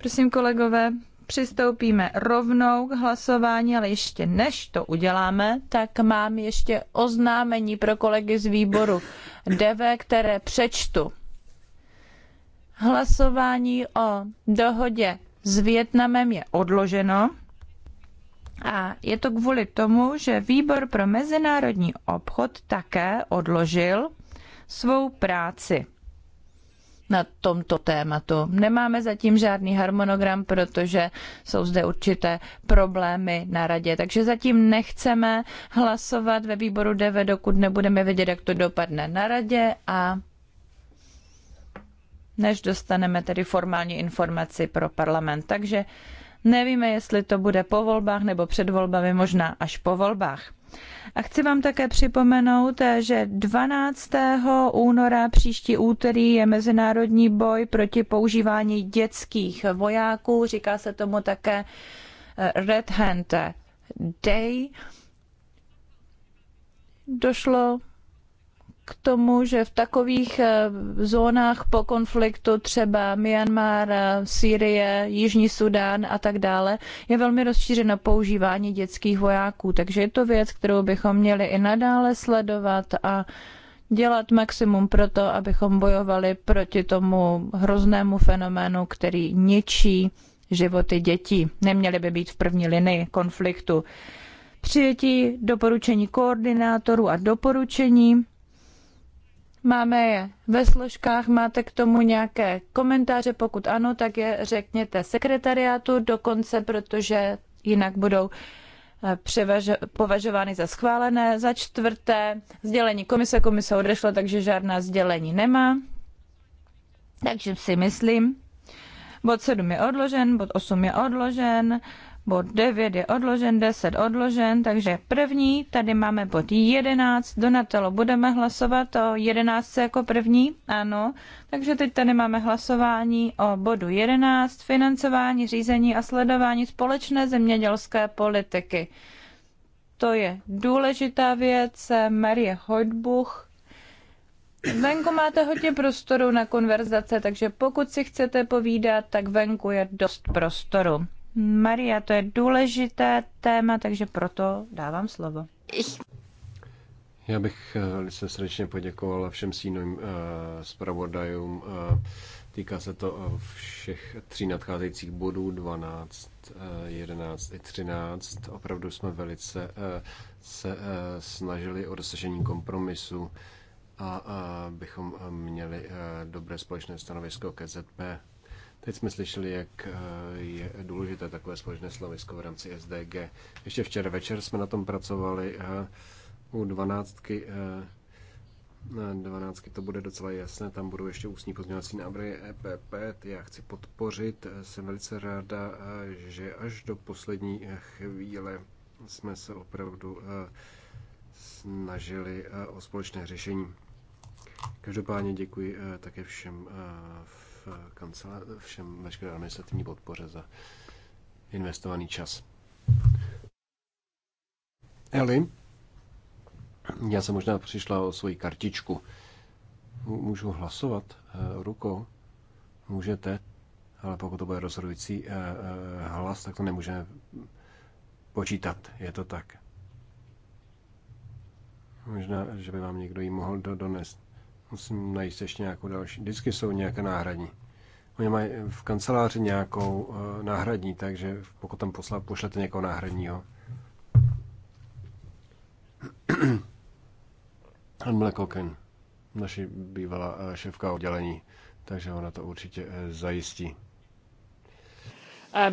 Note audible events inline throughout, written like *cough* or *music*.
Prosím kolegové, přistoupíme rovnou k hlasování, ale ještě než to uděláme, tak mám ještě oznámení pro kolegy z výboru DV, které přečtu. Hlasování o dohodě s Vietnamem je odloženo a je to kvůli tomu, že výbor pro mezinárodní obchod také odložil svou práci na tomto tématu. Nemáme zatím žádný harmonogram, protože jsou zde určité problémy na radě. Takže zatím nechceme hlasovat ve výboru DV, dokud nebudeme vědět, jak to dopadne na radě a než dostaneme tedy formální informaci pro parlament. Takže nevíme, jestli to bude po volbách nebo před volbami, možná až po volbách. A chci vám také připomenout, že 12. února příští úterý je Mezinárodní boj proti používání dětských vojáků. Říká se tomu také eh, Red Hand Day. Došlo k tomu, že v takových eh, zónách po konfliktu třeba Myanmar, eh, Sýrie, Jižní Sudán a tak dále je velmi rozšířeno používání dětských vojáků. Takže je to věc, kterou bychom měli i nadále sledovat a dělat maximum pro to, abychom bojovali proti tomu hroznému fenoménu, který ničí životy dětí. Neměly by být v první linii konfliktu. Přijetí doporučení koordinátorů a doporučení Máme je ve složkách, máte k tomu nějaké komentáře, pokud ano, tak je řekněte sekretariátu dokonce, protože jinak budou eh, považovány za schválené. Za čtvrté, sdělení komise, komise odešla, takže žádná sdělení nemá. Takže si myslím, bod 7 je odložen, bod 8 je odložen, bod 9 je odložen, 10 odložen, takže první, tady máme bod 11, Donatelo, budeme hlasovat o 11 jako první? Ano, takže teď tady máme hlasování o bodu 11, financování, řízení a sledování společné zemědělské politiky. To je důležitá věc, Marie Hojtbuch, Venku máte hodně prostoru na konverzace, takže pokud si chcete povídat, tak venku je dost prostoru. Maria, to je důležité téma, takže proto dávám slovo. Já bych eh, velice srdečně poděkovala všem sínovým eh, zpravodajům. Eh, týká se to všech tří nadcházejících bodů, 12, 11 i 13. Opravdu jsme velice se snažili o dosažení kompromisu a bychom měli dobré společné stanovisko ke ZP. Teď jsme slyšeli, jak eh, je důležité takové společné slovisko v rámci SDG. Ještě včera večer jsme na tom pracovali eh, u dvanáctky. Eh, dvanáctky to bude docela jasné, tam budou ještě ústní pozměňovací návrhy EPP, ty já chci podpořit. Jsem velice ráda, že až do poslední chvíle jsme se opravdu snažili o společné řešení. Každopádně děkuji také všem v v všem veškeré administrativní podpoře za investovaný čas. Eli, já jsem možná přišla o svoji kartičku. Můžu hlasovat eh, rukou? Můžete, ale pokud to bude rozhodující eh, eh, hlas, tak to nemůžeme počítat. Je to tak. Možná, že by vám někdo ji mohl donést. Musím najít ještě nějakou další. Vždycky jsou nějaké náhradní. Oni mají v kanceláři nějakou uh, náhradní, takže pokud tam posla, pošlete někoho náhradního. *clears throat* Anne Blackocken, naši bývalá uh, šéfka oddělení, takže ona to určitě uh, zajistí. Um,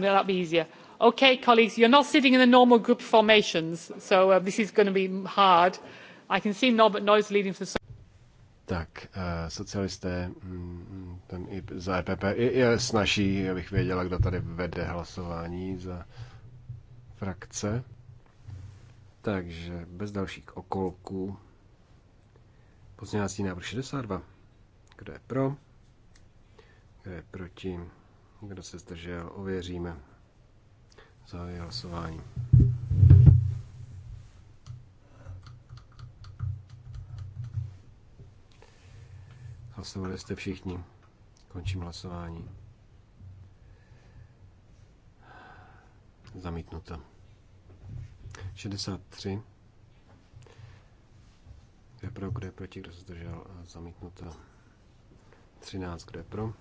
that'll be easier. Okay, colleagues, you're not sitting in the normal group formations, so uh, this is going to be hard. I can see Norbert Noyes leading from tak, eh, socialisté mm, ten i za EPP je snaží, abych věděla, kdo tady vede hlasování za frakce. Takže bez dalších okolků. Pozměňovací návrh 62. Kdo je pro? Kdo je proti? Kdo se zdržel? Ověříme. Zahajuji hlasování. Hlasovali jste všichni. Končím hlasování. Zamítnuto. 63. Kdo je pro, kdo je proti, kdo se zdržel? Zamítnuto. 13. Kdo je pro?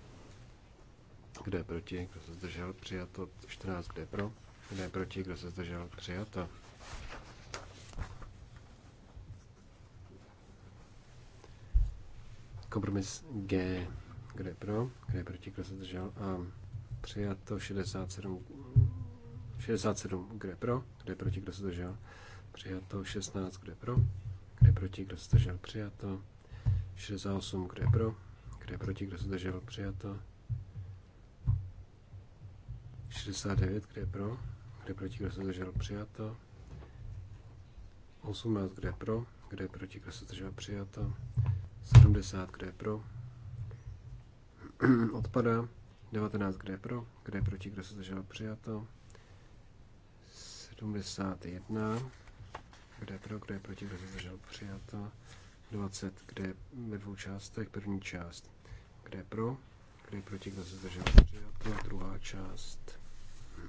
Kdo je proti, kdo se zdržel? Přijato. 14. Kdo je pro? Kdo je proti, kdo se zdržel? Přijato. Kompromis G. kde je pro? kde je proti? Kdo se držel A přijat to 67. 67. kde je pro? kde je proti? Kdo se držel, přijat to 16. kde je pro? kde je proti? Kdo se držel, přijat to 68. kde je pro? kde je proti? Kdo se držel, přijat to 69. kde je pro? kde je proti? Kdo se držel, přijat to 18. kde je pro? kde je proti? Kdo se držel, přijat to 70, kde je pro, *clears throat* odpadá, 19, kde je pro, kde je proti, kdo se zdržel, přijato, 71, kde je pro, kde je proti, kdo se zdržel, přijato, 20, kde je ve dvou částech, první část, kde je pro, kde je proti, kdo se zdržel, přijato, druhá část,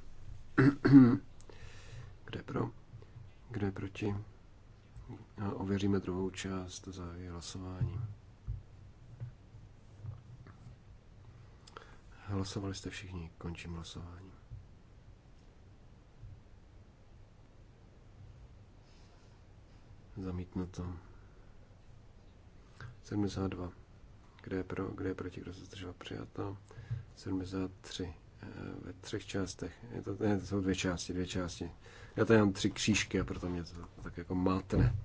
*clears throat* kde je pro, kde je proti, Ověříme druhou část za hlasování. Hlasovali jste všichni, končím hlasování. Zamítnuto. 72. Kde je pro, kde je proti, kdo se zdržel přijato? 73. Eh, ve třech částech. Je to, ne, to jsou dvě části, dvě části. Já tady mám tři křížky a proto mě to tak jako mátne.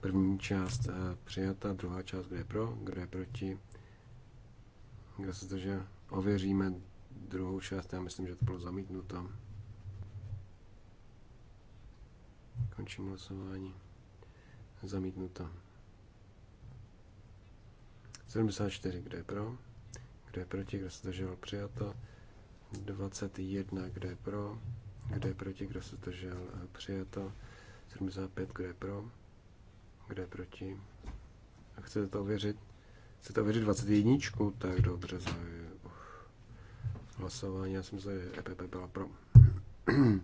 První část eh, přijata, druhá část, kde je pro, kde je proti. Kdo se to, že ověříme druhou část, já myslím, že to bylo zamítnuto. Končím hlasování. Zamítnuto. 74, kdo je pro, kdo je proti, kdo se držel přijato. 21, kdo je pro, kdo je proti, kdo se zdržel, eh, přijato. 75, kdo je pro, kdo je proti. A chcete to ověřit? Chcete ověřit 21? Tak dobře, zahajuji hlasování. Já jsem myslel, že EPP byla pro.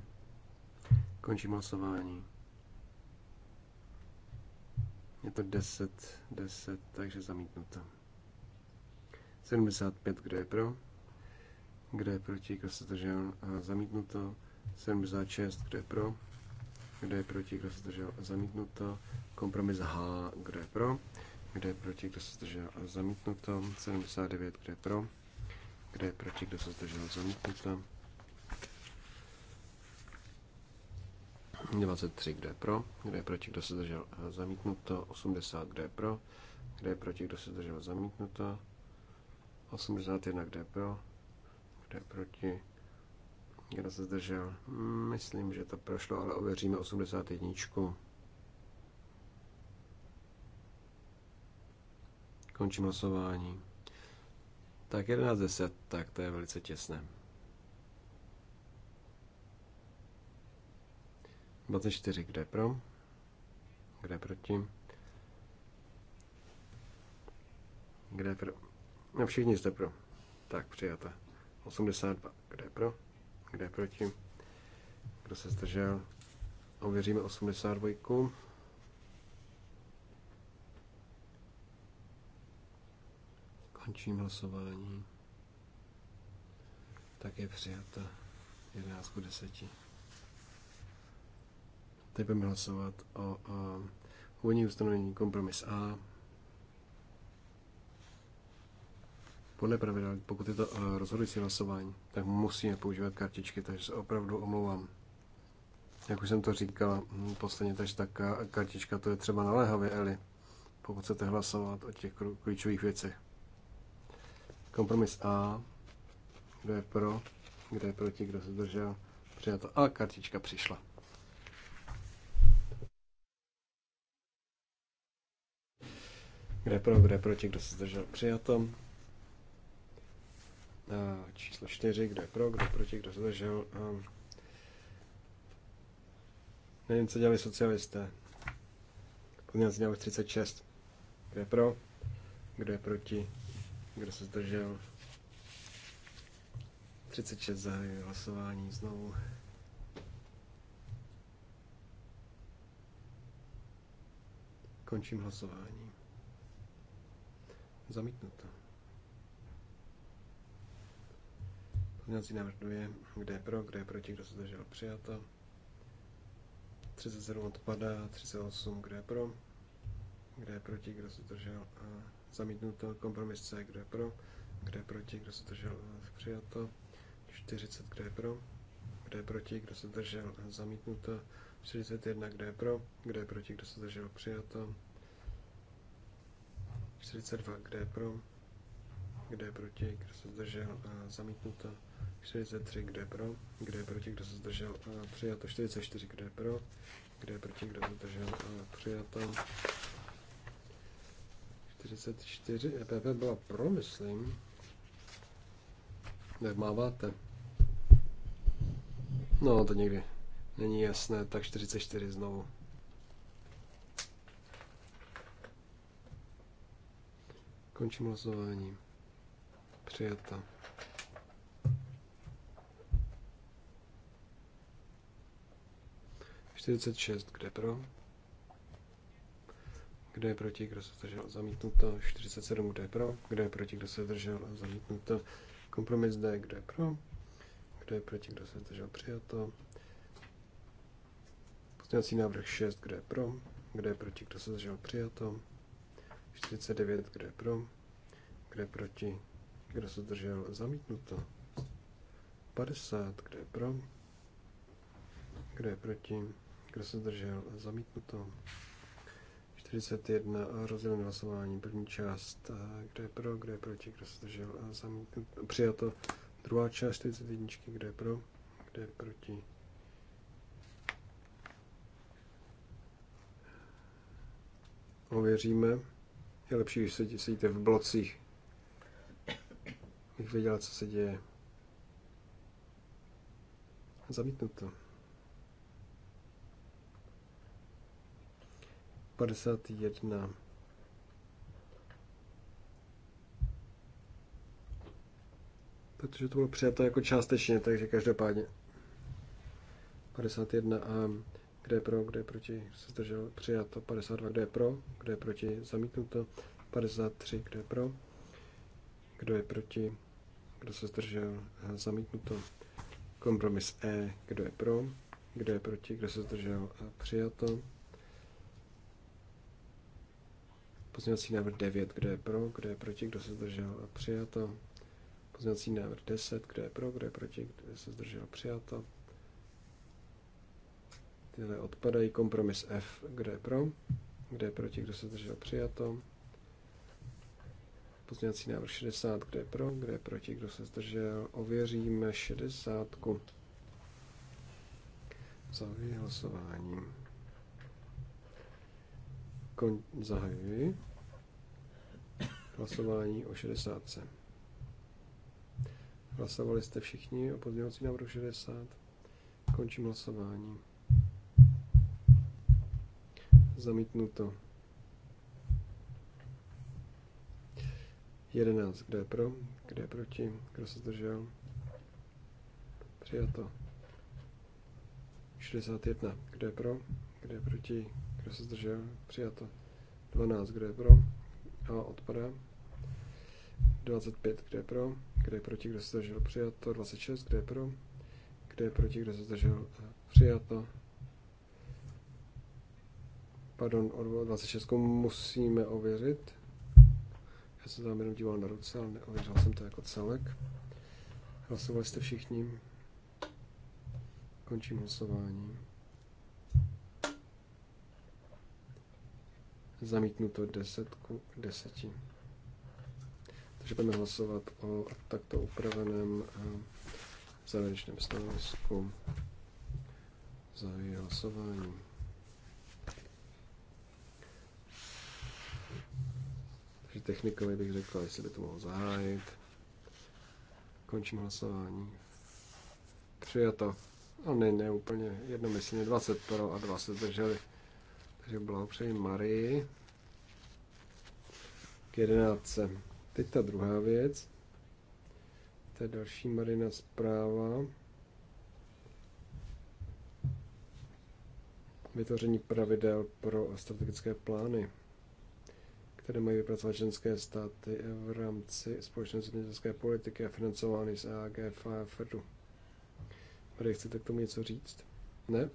*clears throat* Končím hlasování. Je to 10, 10, takže zamítnuto. 75, kdo je pro? Kdo je proti? Kdo se zdržel? Zamítnuto. 76. Kdo je pro? Kdo je proti? Kdo se zdržel? Zamítnuto. Kompromis H. Kdo je pro? Kdo je proti? Kdo se zdržel? Zamítnuto. 79. Kdo je pro? Kdo je proti? Kdo se zdržel? Zamítnuto. 23, kdo je pro, kdo je proti, kdo se zdržel zamítnuto, 80, kdo je pro, kdo je proti, kdo se zdržel zamítnuto, 81, kdo je pro, kdo je proti? Kdo se zdržel? Myslím, že to prošlo, ale ověříme 81. Končím hlasování. Tak 11 10, tak to je velice těsné. 24, kde pro? Kde proti? Kde pro? No všichni jste pro. Tak, přijata. 82. Kde je pro? Kde je proti? Kdo se zdržel? Ověříme 82. Končím hlasování. Tak je přijata 11 k 10. Teď budeme hlasovat o, o úvodní ustanovení kompromis A. Podle pravidel, pokud je to eh, rozhodující hlasování, tak musíme používat kartičky, takže se opravdu omlouvám. Jak už jsem to říkal, hm, posledně takže ta kartička, to je třeba naléhavě, Eli, pokud chcete hlasovat o těch klíčových věcech. Kompromis A, kdo je pro, kdo je proti, kdo se zdržel, přijato a kartička přišla. Kdo je pro, kdo je proti, kdo se zdržel, přijato číslo 4, kdo je pro, kdo proti, kdo zdržel. Nevím, co dělali socialisté. Pozměňovací návrh 36. Kdo je pro, kdo je proti, kdo se zdržel. 36 zahajuje hlasování znovu. Končím hlasování. Zamítnuto. Pozměňovací návrh 2, kde je pro, kde je proti, kdo se zdržel, přijato. 37 odpadá, 38, kde je pro, kde je proti, kdo se zdržel, zamítnuto. Kompromis C, kde je pro, kde je proti, kdo se zdržel, přijato. 40, kde je pro, kde je proti, kdo se zdržel, zamítnuto. 41, kde je pro, kde je proti, kdo se zdržel, přijato. 42, kde je pro, kdo je proti, kdo se zdržel a zamítnuto. 43, kdo je pro, kdo je proti, kdo se zdržel a přijato. 44, kdo je pro, kdo je proti, kdo se zdržel a přijato. 44, EPP byla pro, myslím. Jak máváte? No, to někdy není jasné, tak 44 znovu. Končím hlasování. Přijato. Čtyřicet šest, kde pro? Kdo je proti, kdo se zdržel? Zamítnuto. 47, kdo je pro? Kdo je proti, kdo se zdržel? Zamítnuto. Kompromis D, kdo je pro? Kdo je proti, kdo se zdržel? Přijato. Pozměňovací návrh 6, kdo je pro? Kdo je proti, kdo se zdržel? Přijato. 49, kdo je pro? Kdo je proti, kdo se držel Zamítnuto. 50. Kdo je pro? Kdo je proti? Kdo se držel Zamítnuto. 41. Rozdělené hlasování. První část. Kdo je pro? Kdo je proti? Kdo se držel Zamítnuto. Přijato. Druhá část 41. Kdo je pro? Kdo je proti? Ověříme. Je lepší, když sedíte v blocích bych věděl, co se děje. to. 51. Protože to bylo přijato jako částečně, takže každopádně. 51 a kde je pro, kde je proti, se zdržel, přijato. 52, kde je pro, kde je proti, zamítnuto. 53, kde je pro, kdo je proti? Kdo se zdržel? Zamítnuto. Kompromis E. Kdo je pro? Kdo je proti? Kdo se zdržel? Přijato. Pozměňovací návrh 9. Kdo je pro? Kdo je proti? Kdo se zdržel? Přijato. Pozměňovací návrh 10. Kdo je pro? Kdo je proti? Kdo se zdržel? Přijato. Tyhle odpadají. Kompromis F. Kdo je pro? Kdo je proti? Kdo se zdržel? Přijato. Pozměňovací návrh 60, kde je pro, kde je proti, kdo se zdržel. Ověříme 60. Zahajuji hlasování. Kon- zahajuji hlasování o 60. Hlasovali jste všichni o pozměňovací návrhu 60. Končím hlasování. Zamítnuto. 11. Kdo je pro? Kdo je proti? Kdo se zdržel? Přijato. 61. Kdo je pro? Kdo je proti? Kdo se zdržel? Přijato. 12. Kdo je pro? A odpadá. 25. Kdo je pro? Kdo je proti? Kdo se zdržel? Přijato. 26. Kdo je pro? Kdo je proti? Kdo se zdržel? Přijato. Pardon, 26 musíme ověřit. Já jsem tam jenom díval na ruce, ale neověřil jsem to jako celek. Hlasovali jste všichni. Končím hlasování. Zamítnuto 10 ku 10. Takže budeme hlasovat o takto upraveném eh, závěrečném stanovisku za hlasování. technikovi bych řekl, jestli by to mohl zahájit. Končím hlasování. Přijato. A no, ne, ne úplně jednomyslně 20 pro a 2 se drželi. Takže opřejmě Marii k 11. Teď ta druhá věc. To je další Marina zpráva. Vytvoření pravidel pro strategické plány které mají vypracovat členské státy v rámci společné zemědělské politiky a financovány z AGF a FEDu. Tady chcete k tomu něco říct? Ne?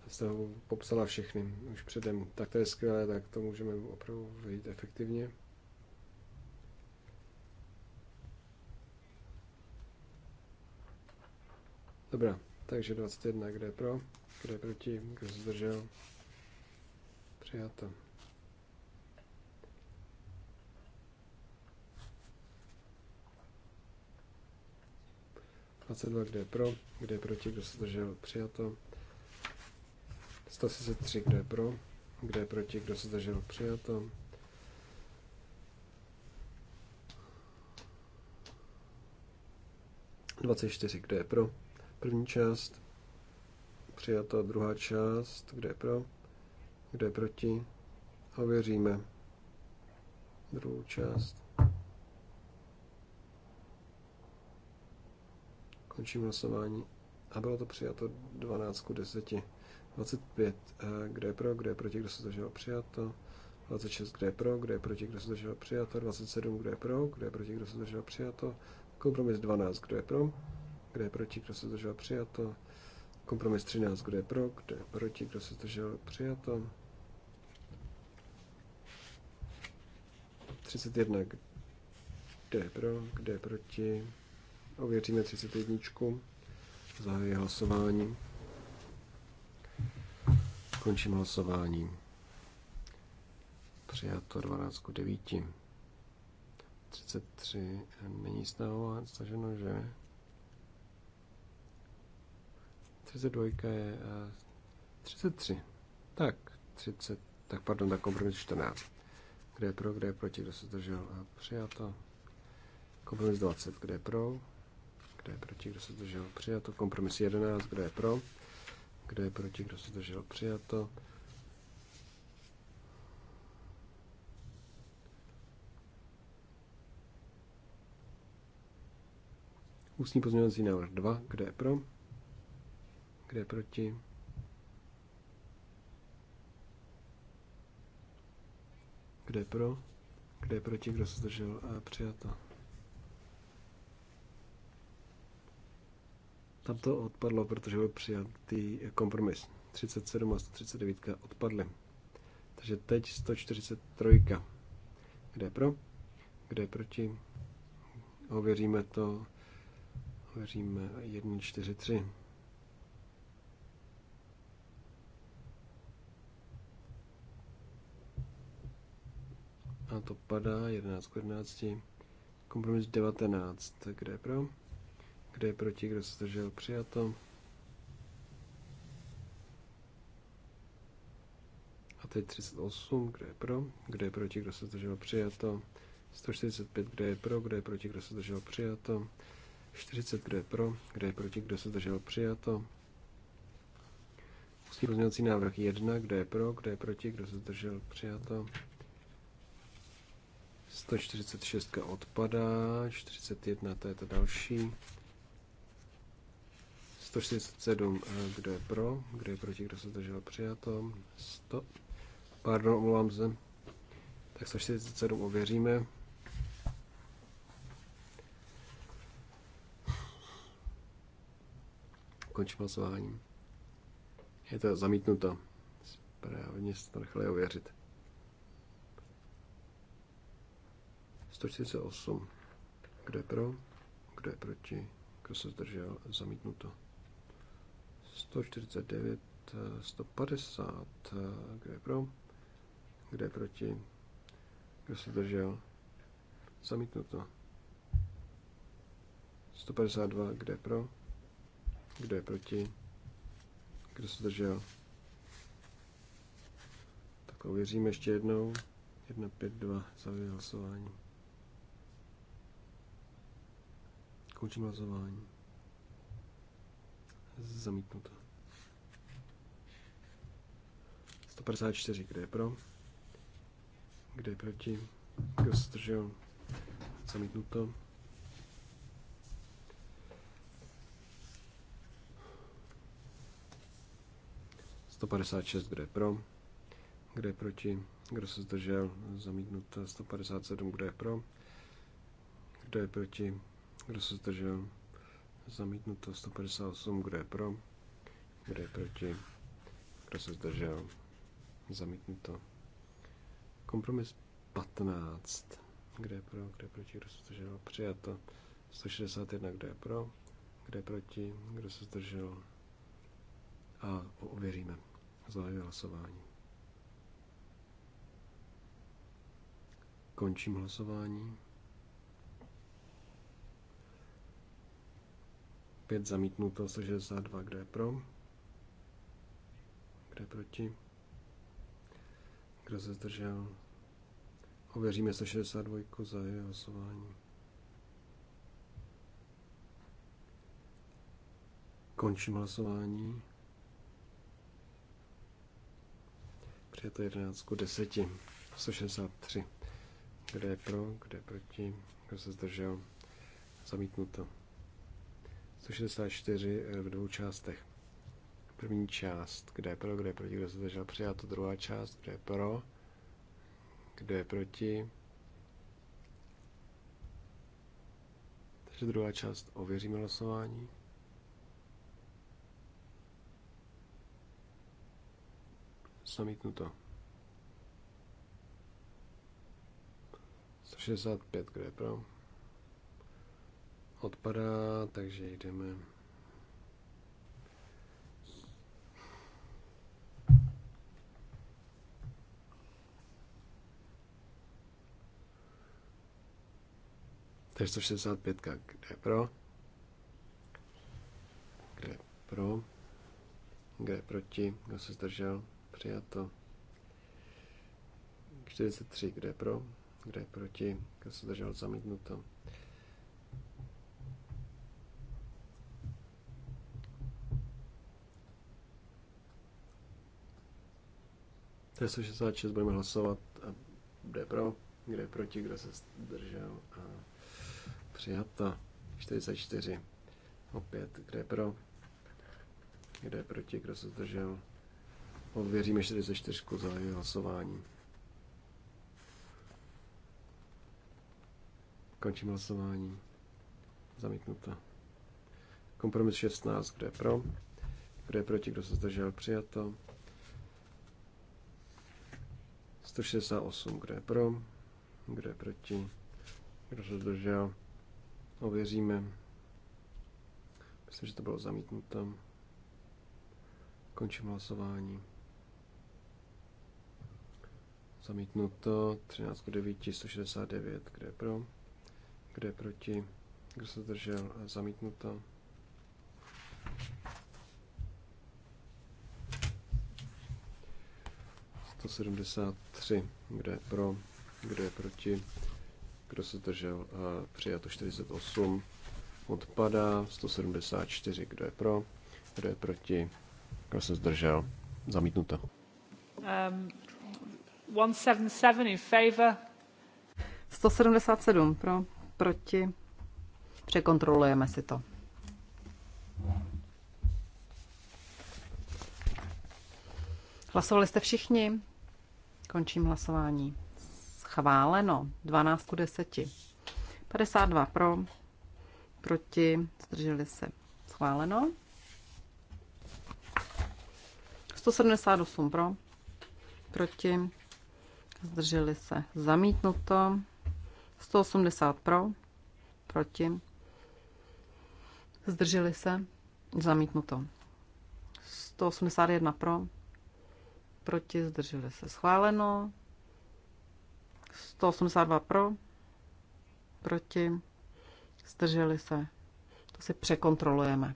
Tak jste ho popsala všechny už předem. Tak to je skvělé, tak to můžeme opravdu vyjít efektivně. Dobrá, takže 21, kde je pro, kde je proti, kdo se zdržel. Přijato. 22, kdo je pro, kdo je proti, kdo se zdržel, přijato. 163, kdo je pro, kdo je proti, kdo se zdržel, přijato. 24, kdo je pro? První část. Přijato druhá část. Kdo je pro? Kdo je proti? Ověříme. Druhou část. Končím hlasování. A bylo to přijato 12 k 10. 25, kdo je pro, kdo je proti, kdo se zdržel přijato. 26, kdo je pro, kdo je proti, kdo se zdržel přijato. 27, kdo je pro, kdo je proti, kdo se zdržel přijato. Kompromis 12, kdo je pro, kdo je proti, kdo se zdržel přijato. Kompromis 13, kdo je pro, kdo je proti, kdo se zdržel přijato. 31, kdo je pro, kdo je proti, Ověříme 31. Zahajuji hlasování. Končím hlasování. Přijato 12 k 9. 33 není stahován, staženo, že? 32 je 33. Eh, tak, 30, tak pardon, tak kompromis 14. Kde je pro, kde je proti, kdo se zdržel a eh, přijato. Kompromis 20, kde je pro, kdo je proti, kdo se zdržel, přijato. Kompromis 11, kdo je pro, kdo je proti, kdo se zdržel, přijato. Ústní pozměňovací návrh 2, kdo je pro, kdo je proti. Kdo je pro, kdo je proti, kdo se zdržel a přijato. Tam to odpadlo, protože byl přijatý kompromis. 37 a 139 odpadly. Takže teď 143. Kde je pro? Kde je proti? Ověříme to. Ověříme 143. A to padá 11 k 11. Kompromis 19. Kde je pro? Kdo je proti, kdo se zdržel? Přijato. A teď 38, kdo je pro, kdo je proti, kdo se zdržel? Přijato. 145, kdo je pro, kdo je proti, kdo se zdržel? Přijato. 40, kdo je pro, kdo je proti, kdo se zdržel? Přijato. Ústní pozměňovací návrh 1, kdo je pro, kdo je proti, kdo se zdržel? Přijato. 146 odpadá, 41 to je to další. 147, eh, kdo je pro, kdo je proti, kdo se zdržel přijato, 100, pardon, omlouvám se, tak 147 ověříme. Končím hlasování. Je to zamítnuto. Správně se to nechali ověřit. 148. Kdo je pro? Kdo je proti? Kdo se zdržel? Zamítnuto. 149, 150, kde je pro, kde je proti, kdo se držel, zamítnuto. 152, kde je pro, kde je proti, kdo se držel. Tak ověřím ještě jednou. 1, 5, 2, zavěl hlasování. Končím hlasování. Zamítnuto. 154, kde je pro? Kde je proti? Kdo se zdržel? Zamítnuto. Sto padesát šest, kde je pro? Kde je proti? Kdo se zdržel? Zamítnuto. 157, kde je pro? Kdo je proti? Kdo se zdržel? Zamítnuto 158, kdo je pro, kdo je proti, kdo se zdržel. Zamítnuto. Kompromis 15, kdo je pro, kdo je proti, kdo se zdržel. Přijato 161, kdo je pro, kdo je proti, kdo se zdržel. A ověříme. Zahajuji hlasování. Končím hlasování. 5 zamítnuto, 162, kdo je pro, kdo je proti, kdo se zdržel. Ověříme 162 za jeho hlasování. Končím hlasování. Přijde to 11 k 10. 163. Kdo je pro, kdo je proti, kdo se zdržel. Zamítnuto. 164 eh, v dvou částech. První část, kde je pro, kde je proti, kdo se zdržel přijato. Druhá část, kde je pro, kdo je proti. Takže druhá část ověříme hlasování. Samítnuto. 165, kde je pro odpadá, takže jdeme. Takže 165, kde pro? Kde pro? Kde proti? Kdo se zdržel? Přijato. 43, kde pro? Kde proti? Kdo se zdržel? Zamítnuto. 366 budeme hlasovat, a kde pro, kde je proti, kdo se zdržel a přijata. 44 opět, kde je pro, kde je proti, kdo se zdržel. Ověříme 44 za hlasování. Končím hlasování. Zamítnuto. Kompromis 16, kde je pro, kde je proti, kdo se zdržel, přijato. 168, kdo je pro, kdo je proti, kdo se zdržel, ověříme. Myslím, že to bylo zamítnuto. Končím hlasování. Zamítnuto 13 9, 169, kde je pro, kde je proti, kdo se zdržel, zamítnuto. 173. kde je pro? kde je proti? Kdo se držel a Přijato 48. Odpadá 174. Kdo je pro? Kdo je proti? Kdo se zdržel? Zamítnuto. Um, 177 in favor. 177 pro, proti. Překontrolujeme si to. Hlasovali jste všichni? Končím hlasování. Schváleno. 12 k 10. 52 pro, proti, zdrželi se. Schváleno. 178 pro, proti, zdrželi se. Zamítnuto. 180 pro, proti, zdrželi se. Zamítnuto. 181 pro, proti, zdrželi se schváleno. 182 pro, proti, zdrželi se. To si překontrolujeme.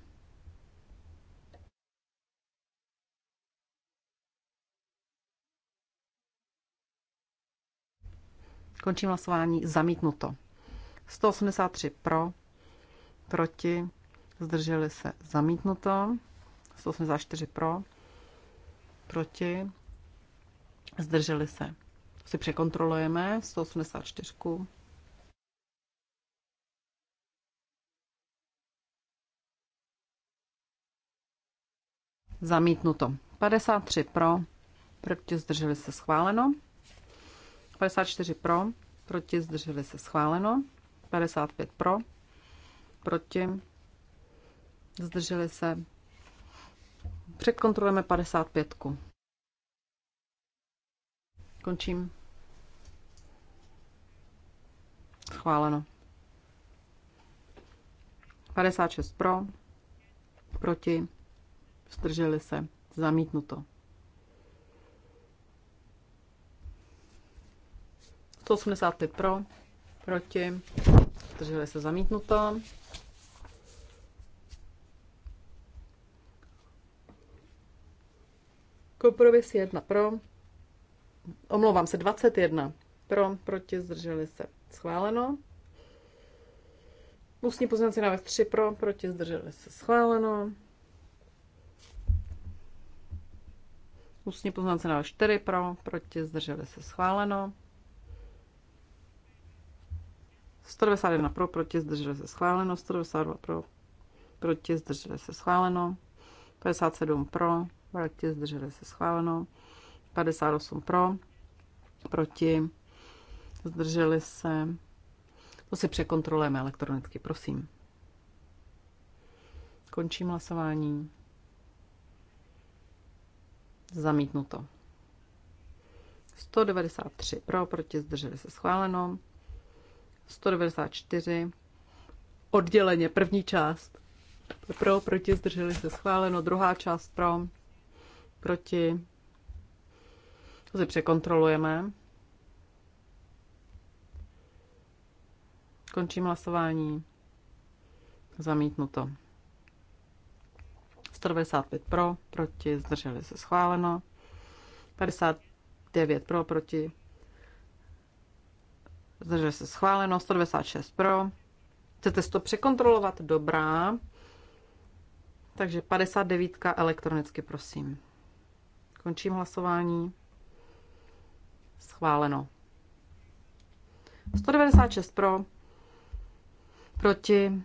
Končím hlasování. Zamítnuto. 183 pro, proti, zdrželi se. Zamítnuto. 184 pro, proti, Zdrželi se. si překontrolujeme. 184. Zamítnuto. 53 pro, proti zdrželi se schváleno. 54 pro, proti zdrželi se schváleno. 55 pro, proti zdrželi se. Překontrolujeme 55. Končím. Schváleno. 56 pro, proti, zdrželi se, zamítnuto. 185 pro, proti, zdrželi se, zamítnuto. Kompromis 1 pro, omlouvám se, 21 pro, proti, zdrželi se. Schváleno. Ústní pozměňovací návrh 3 pro, proti, zdrželi se. Schváleno. Ústní poznámce návrh 4 pro, proti, zdrželi se schváleno. 191 pro, proti, zdrželi se schváleno. 192 pro, proti, zdrželi se schváleno. 57 pro, proti, zdrželi se schváleno. 58 pro, proti, zdrželi se. To si překontrolujeme elektronicky, prosím. Končím hlasování. Zamítnuto. 193 pro, proti, zdrželi se schváleno. 194 odděleně, první část. Pro, proti, zdrželi se schváleno. Druhá část pro, proti, to si překontrolujeme. Končím hlasování. Zamítnuto. 195 pro, proti, zdrželi se schváleno. 59 pro, proti, zdrželi se schváleno. 126 pro. Chcete to překontrolovat? Dobrá. Takže 59 elektronicky, prosím. Končím hlasování. Schváleno. 196 pro, proti,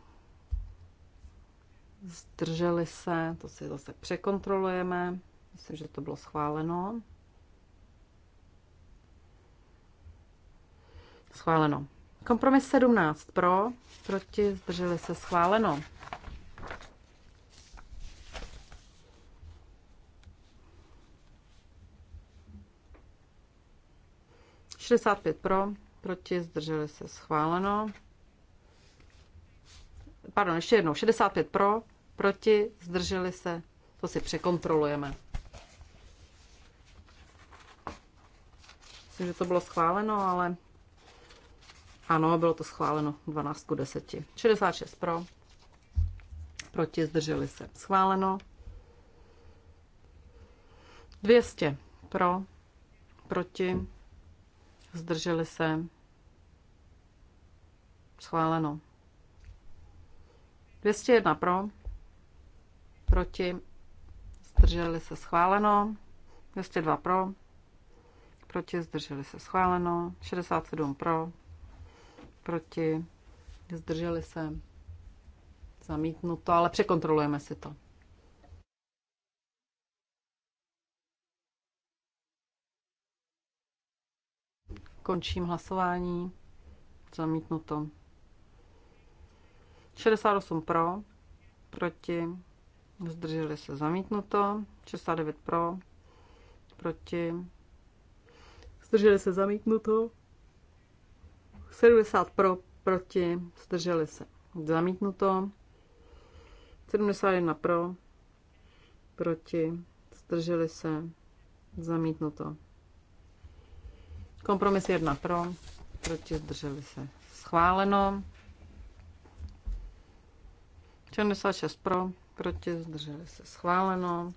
zdrželi se, to si zase překontrolujeme. Myslím, že to bylo schváleno. Schváleno. Kompromis 17 pro, proti, zdrželi se, schváleno. 65 pro, proti, zdrželi se schváleno. Pardon, ještě jednou, 65 pro, proti, zdrželi se, to si překontrolujeme. Myslím, že to bylo schváleno, ale ano, bylo to schváleno 12 k 10. 66 pro, proti, zdrželi se, schváleno. 200 pro, proti, Zdrželi se? Schváleno. 201 pro, proti, zdrželi se schváleno, 202 pro, proti, zdrželi se schváleno, 67 pro, proti, zdrželi se zamítnuto, ale překontrolujeme si to. Končím hlasování. Zamítnuto. 68 pro, proti, zdrželi se zamítnuto. 69 pro, proti, zdrželi se zamítnuto. 70 pro, proti, zdrželi se zamítnuto. 71 pro, proti, zdrželi se zamítnuto. Kompromis jedna pro, proti zdrželi se schváleno. 76 pro, proti zdrželi se schváleno.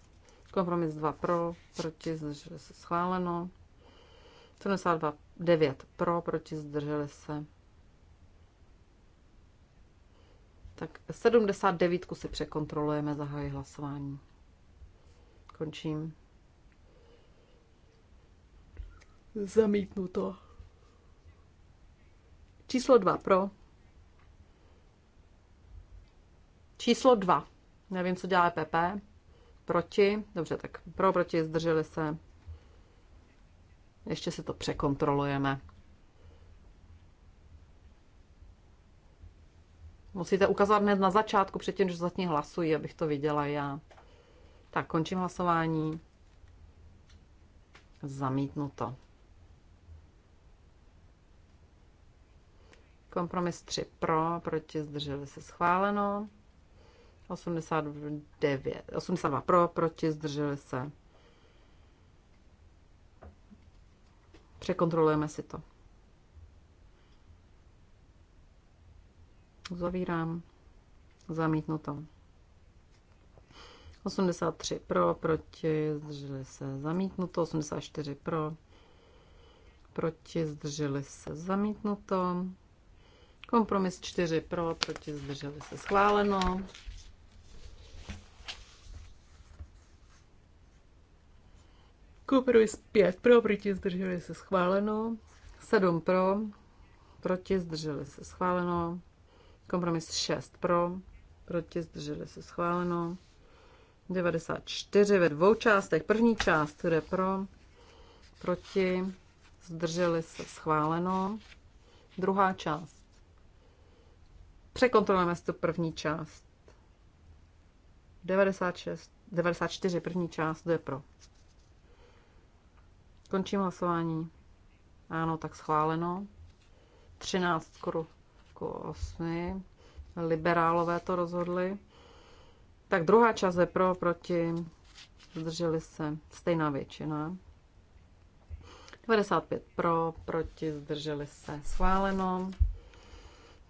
Kompromis 2 pro, proti zdrželi se schváleno. 72 9 pro, proti zdrželi se. Tak 79 si překontrolujeme, zahájí hlasování. Končím. Zamítnuto. Číslo dva pro. Číslo dva. Nevím, co dělá PP. Proti. Dobře, tak pro, proti, zdrželi se. Ještě si to překontrolujeme. Musíte ukázat hned na začátku, předtím, že zatím hlasují, abych to viděla já. Tak, končím hlasování. Zamítnuto. Kompromis 3 pro, proti zdrželi se schváleno. 89, 82 pro, proti zdrželi se. Překontrolujeme si to. Zavírám. Zamítnuto. 83 pro, proti, zdrželi se zamítnuto, 84 pro, proti, zdrželi se zamítnuto, Kompromis 4 pro, proti zdrželi se schváleno. Kompromis 5 pro, proti zdrželi se schváleno. 7 pro, proti zdrželi se schváleno. Kompromis 6 pro, proti zdrželi se schváleno. 94 ve dvou částech. První část je pro, proti, zdrželi se schváleno. Druhá část Překontrolujeme si tu první část. 96, 94, první část, to je pro. Končím hlasování. Ano, tak schváleno. 13 ku 8. Liberálové to rozhodli. Tak druhá část je pro, proti. Zdrželi se. Stejná většina. 95 pro, proti, zdrželi se. Schváleno.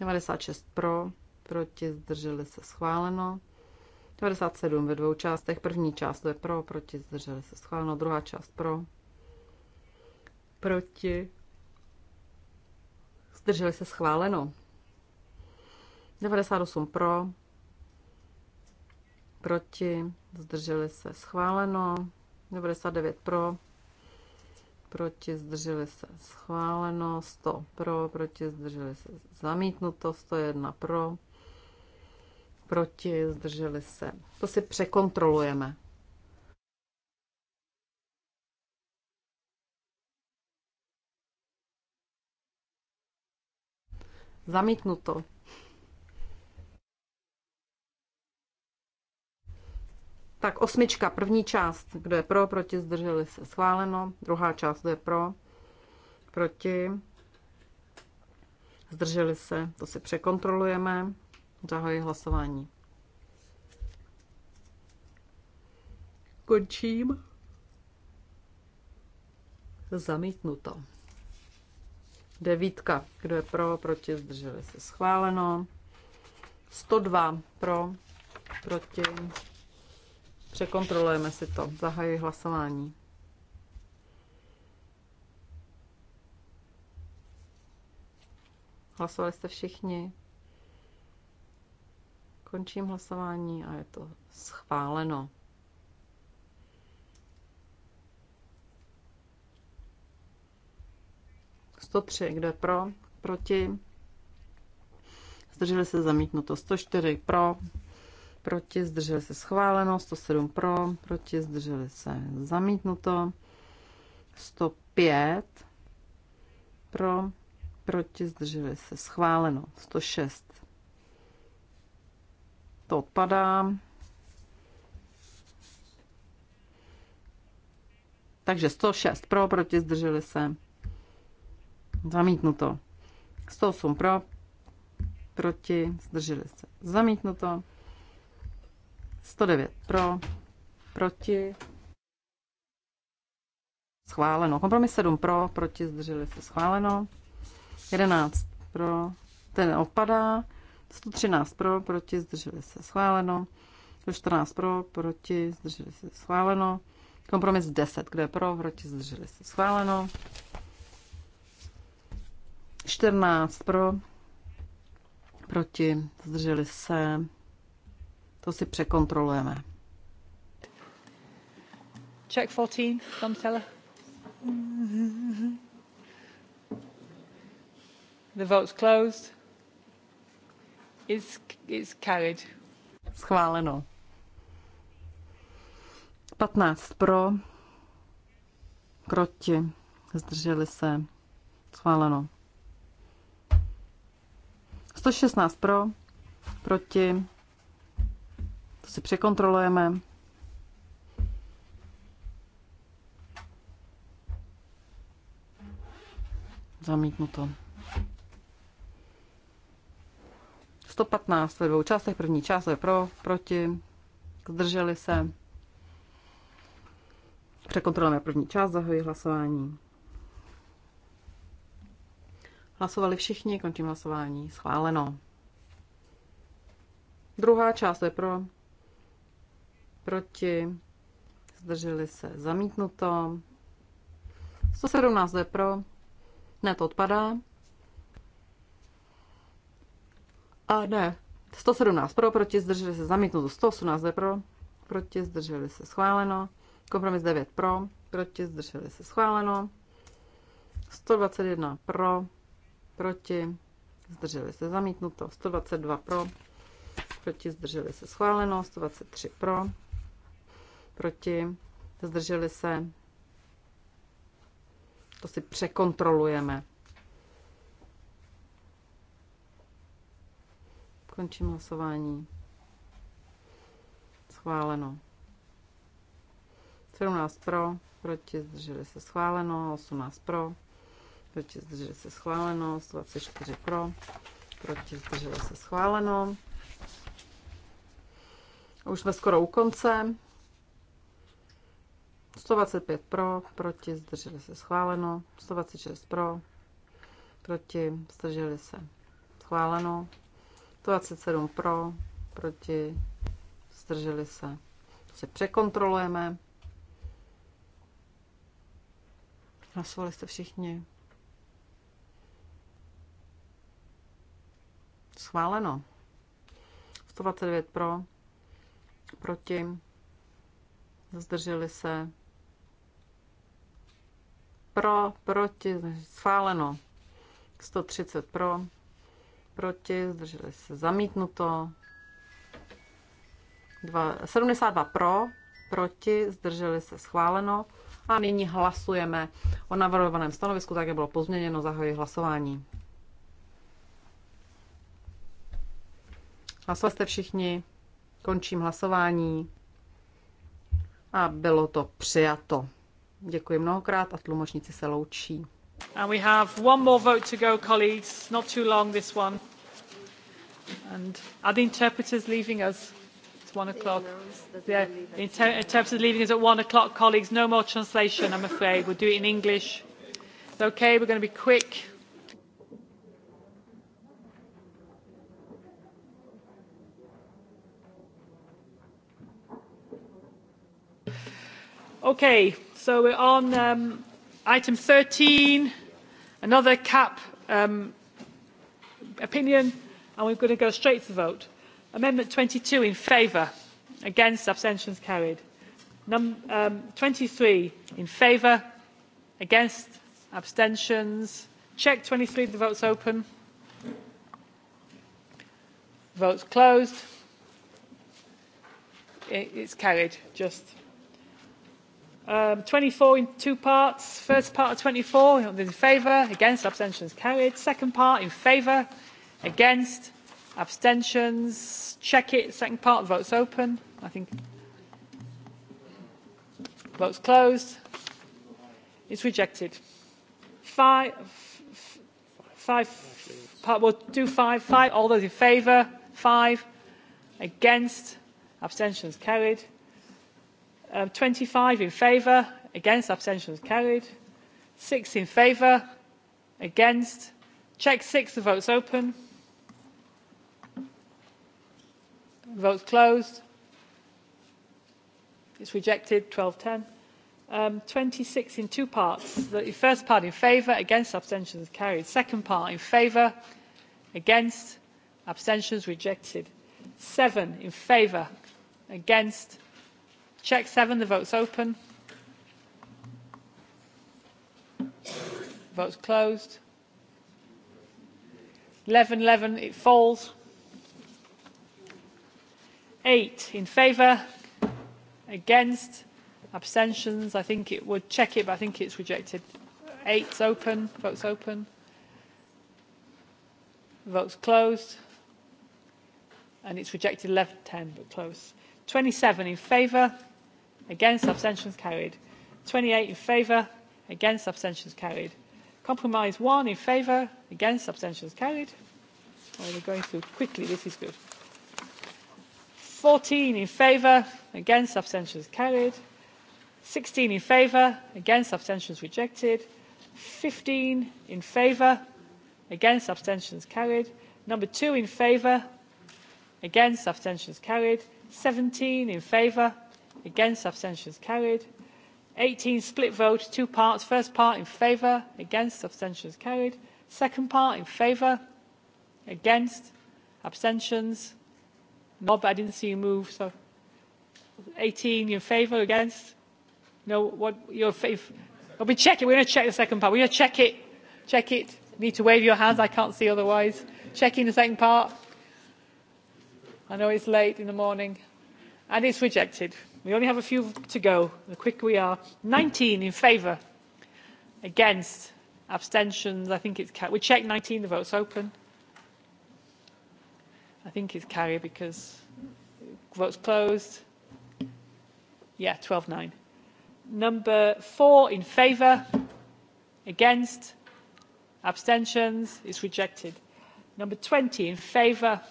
96 pro, proti, zdrželi se schváleno. 97 ve dvou částech. První část je pro, proti, zdrželi se schváleno. Druhá část pro, proti, zdrželi se schváleno. 98 pro, proti, zdrželi se schváleno. 99 pro, proti zdrželi se schváleno, 100 pro, proti zdrželi se zamítnuto, 101 pro, proti zdrželi se. To si překontrolujeme. Zamítnuto. Tak osmička, první část, kdo je pro, proti, zdrželi se, schváleno. Druhá část, kdo je pro, proti, zdrželi se, to si překontrolujeme. Zahoji hlasování. Končím. Zamítnuto. Devítka, kdo je pro, proti, zdrželi se, schváleno. 102 pro, proti, Překontrolujeme si to. Zahajuji hlasování. Hlasovali jste všichni. Končím hlasování a je to schváleno. Sto tři, kde pro, proti, zdrželi se zamítnuto. 104 pro, proti, zdrželi se schváleno, 107 pro, proti, zdrželi se zamítnuto, 105 pro, proti, zdrželi se schváleno, 106 to odpadá. Takže 106 pro, proti, zdrželi se zamítnuto, 108 pro, proti, zdrželi se zamítnuto, 109 pro, proti, schváleno. Kompromis 7 pro, proti, zdrželi se, schváleno. 11 pro, ten opadá. 113 pro, proti, zdrželi se, schváleno. 114 pro, proti, zdrželi se, schváleno. Kompromis 10, kde pro, proti, zdrželi se, schváleno. 14 pro, proti, zdrželi se, to si překontrolujeme. Check 14, Tom Seller. The vote's closed. It's, it's carried. Schváleno. 15 pro, proti, zdrželi se, schváleno. 116 pro, proti, si překontrolujeme. Zamítnu to. 115 ve dvou částech. První část je pro, proti, zdrželi se. Překontrolujeme první část, zahojí hlasování. Hlasovali všichni, končím hlasování. Schváleno. Druhá část je pro, proti, zdrželi se zamítnuto. 117 je pro, ne, odpadá. A ne, 117 pro, proti, zdrželi se zamítnuto. 118 je pro, proti, zdrželi se schváleno. Kompromis 9 pro, proti, zdrželi se schváleno. 121 pro, proti, zdrželi se zamítnuto. 122 pro, proti, zdrželi se schváleno. 123 pro, proti, zdrželi se. To si překontrolujeme. Končím hlasování. Schváleno. 17 pro, proti zdrželi se schváleno, 18 pro, proti zdrželi se schváleno, 24 pro, proti zdrželi se schváleno. Už jsme skoro u konce. 125 pro, proti, zdrželi se schváleno. 126 pro, proti, zdrželi se schváleno. 127 pro, proti, zdrželi se. To si překontrolujeme. Hlasovali jste všichni. Schváleno. 129 pro, proti, zdrželi se pro, proti, schváleno. 130 pro, proti, zdrželi se zamítnuto. 72 pro, proti, zdrželi se schváleno. A nyní hlasujeme o navrhovaném stanovisku, tak jak bylo pozměněno, zahajuji hlasování. Hlasovali jste všichni, končím hlasování a bylo to přijato. Děkuji mnohokrát a tlumočníci se loučí. And we have one more vote to go, colleagues. Not too long, this one. And are the interpreters leaving us? It's one o'clock. The inter interpreters leaving us at one o'clock, colleagues. No more translation, I'm afraid. We'll do it in English. It's okay, we're going to be quick. Okay. So we're on um, item 13, another CAP um, opinion, and we're going to go straight to the vote. Amendment 22 in favour, against, abstentions carried. Num um, 23 in favour, against, abstentions. Check 23, the vote's open. Vote's closed. it's carried, just Um, 24 in two parts. First part of 24, in favour, against, abstentions carried. Second part, in favour, against, abstentions. Check it. Second part, votes open. I think. Votes closed. It's rejected. Five, five, we'll do five, five. All those in favour, five, against, abstentions carried. Um, 25 in favour, against, abstentions carried. 6 in favour, against. Check 6, the vote's open. Vote's closed. It's rejected, 12-10, 26 um, in two parts. The first part in favour, against, abstentions carried. Second part in favour, against, abstentions rejected. 7 in favour, against, Check seven. The vote's open. Vote's closed. 11, 11, it falls. Eight in favour, against, abstentions. I think it would check it, but I think it's rejected. Eight's open. Vote's open. Vote's closed. And it's rejected 11, 10, but close. 27 in favour Against, abstentions carried. 28 in favour. Against, abstentions carried. Compromise 1 in favour. Against, abstentions carried. Oh, we're going through quickly. This is good. 14 in favour. Against, abstentions carried. 16 in favour. Against, abstentions rejected. 15 in favour. Against, abstentions carried. Number 2 in favour. Against, abstentions carried. 17 in favour against abstentions carried eighteen split vote two parts first part in favour against abstentions carried second part in favour against abstentions no but i didn't see you move so 18 in favour against no what your faith i'll be checking we're going to check the second part we're going to check it check it you need to wave your hands i can't see otherwise checking the second part i know it's late in the morning and it's rejected We only have a few to go. The quicker we are. 19 in favour. Against. Abstentions. I think it's We check 19. The vote's open. I think it's carried because vote's closed. Yeah, 12-9. Number four in favour. Against. Abstentions. It's rejected. Number 20 in favour.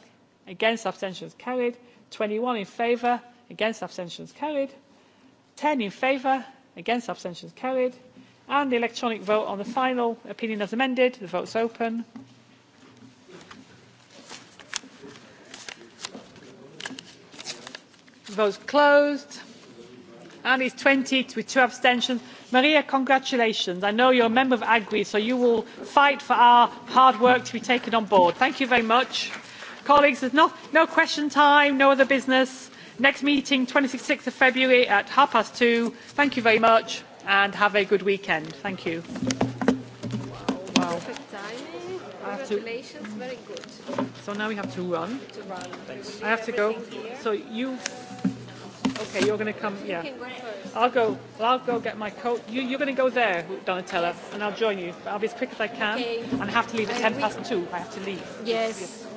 Against. Abstentions carried. 21 in favour against abstentions carried ten in favour against abstentions carried and the electronic vote on the final opinion as amended the vote's open the vote's closed and it's 20 with two abstentions maria congratulations i know you're a member of agri so you will fight for our hard work to be taken on board thank you very much colleagues there's no, no question time no other business next meeting twenty six february at half past two thank you very much and have a good weekend thank you wow. Perfect timing. Congratulations, to... very good. So now we have to run. To run. Thanks. I have to go. So you, okay, you're going to come. yeah. I'll go. Well, I'll go get my coat. You, you're going to go there, Donatella, and I'll join you. I'll be as quick as I can. And I have to leave at ten past two. I have to leave. yes.